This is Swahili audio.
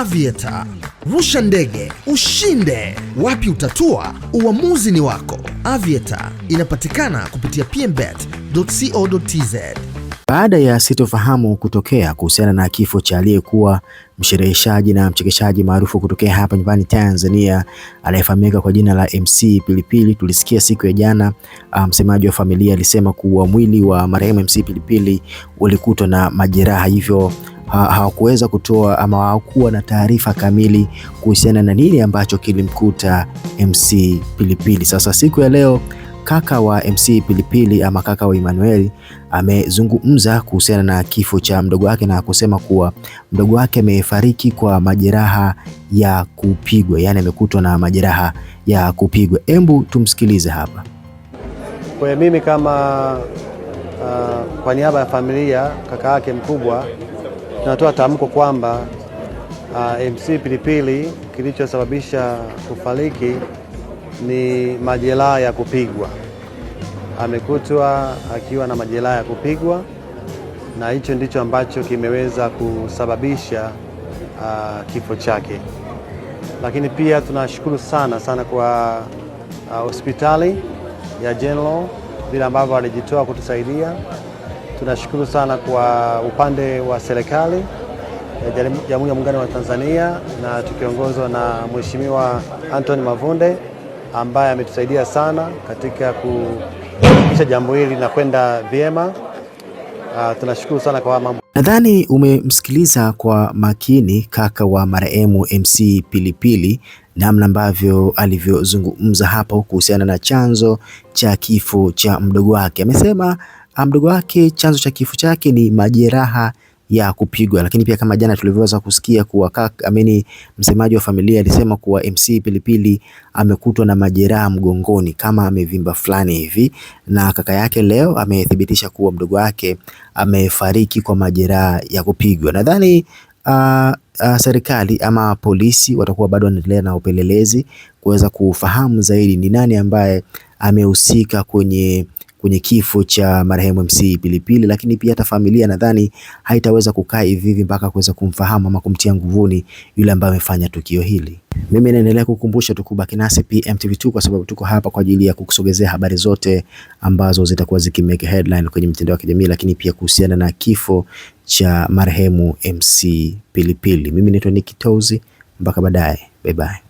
Aviator. Rusha ndege, ushinde. Wapi utatua? Uamuzi ni wako. Aviator inapatikana kupitia pmbet.co.tz. Baada ya sitofahamu kutokea kuhusiana na kifo cha aliyekuwa mshereheshaji na mchekeshaji maarufu kutokea hapa nyumbani Tanzania anayefahamika kwa jina la MC Pilipili, tulisikia siku ya jana ah, msemaji um, wa familia alisema kuwa mwili wa marehemu MC Pilipili ulikutwa na majeraha, hivyo hawakuweza kutoa ama hawakuwa na taarifa kamili kuhusiana na nini ambacho kilimkuta MC Pilipili. Sasa siku ya leo kaka wa MC Pilipili ama kaka wa Emmanuel amezungumza kuhusiana na kifo cha mdogo wake na kusema kuwa mdogo wake amefariki kwa majeraha ya kupigwa, yaani amekutwa na majeraha ya kupigwa. Embu tumsikilize hapa. Kwa mimi kama uh, kwa niaba ya familia kaka yake mkubwa tunatoa tamko kwamba uh, MC Pilipili kilichosababisha kufariki ni majeraha ya kupigwa. Amekutwa akiwa na majeraha ya kupigwa, na hicho ndicho ambacho kimeweza kusababisha uh, kifo chake. Lakini pia tunashukuru sana sana kwa uh, hospitali uh, ya General vile ambavyo alijitoa kutusaidia Tunashukuru sana kwa upande wa serikali ya Jamhuri ya Muungano wa Tanzania na tukiongozwa na Mheshimiwa Anthony Mavunde ambaye ametusaidia sana katika kuhakikisha jambo hili linakwenda vyema. Uh, tunashukuru sana kwa mambo. Nadhani umemsikiliza kwa makini kaka wa marehemu MC Pilipili namna ambavyo alivyozungumza hapo kuhusiana na chanzo cha kifo cha mdogo wake. Amesema Ah, mdogo wake, chanzo cha kifo chake ni majeraha ya kupigwa. Lakini pia kama jana tulivyoweza kusikia kuwa ameni, msemaji wa familia alisema kuwa MC Pilipili amekutwa na majeraha mgongoni kama amevimba fulani hivi, na kaka yake leo amethibitisha kuwa mdogo wake amefariki kwa majeraha ya kupigwa. Nadhani uh, uh, serikali ama polisi watakuwa bado wanaendelea na upelelezi kuweza kufahamu zaidi ni nani ambaye amehusika kwenye kwenye kifo cha marehemu MC Pilipili, lakini pia hata familia nadhani haitaweza kukaa hivi hivi mpaka kuweza kumfahamu ama kumtia nguvuni yule ambaye amefanya tukio hili. Mimi naendelea kukumbusha tu kubaki nasi PMTV2 kwa sababu tuko hapa kwa ajili ya kukusogezea habari zote ambazo zitakuwa zikimeke headline kwenye mitandao ya kijamii, lakini pia kuhusiana na kifo cha marehemu MC Pilipili. Mimi naitwa Nicky mpaka baadaye, bye bye.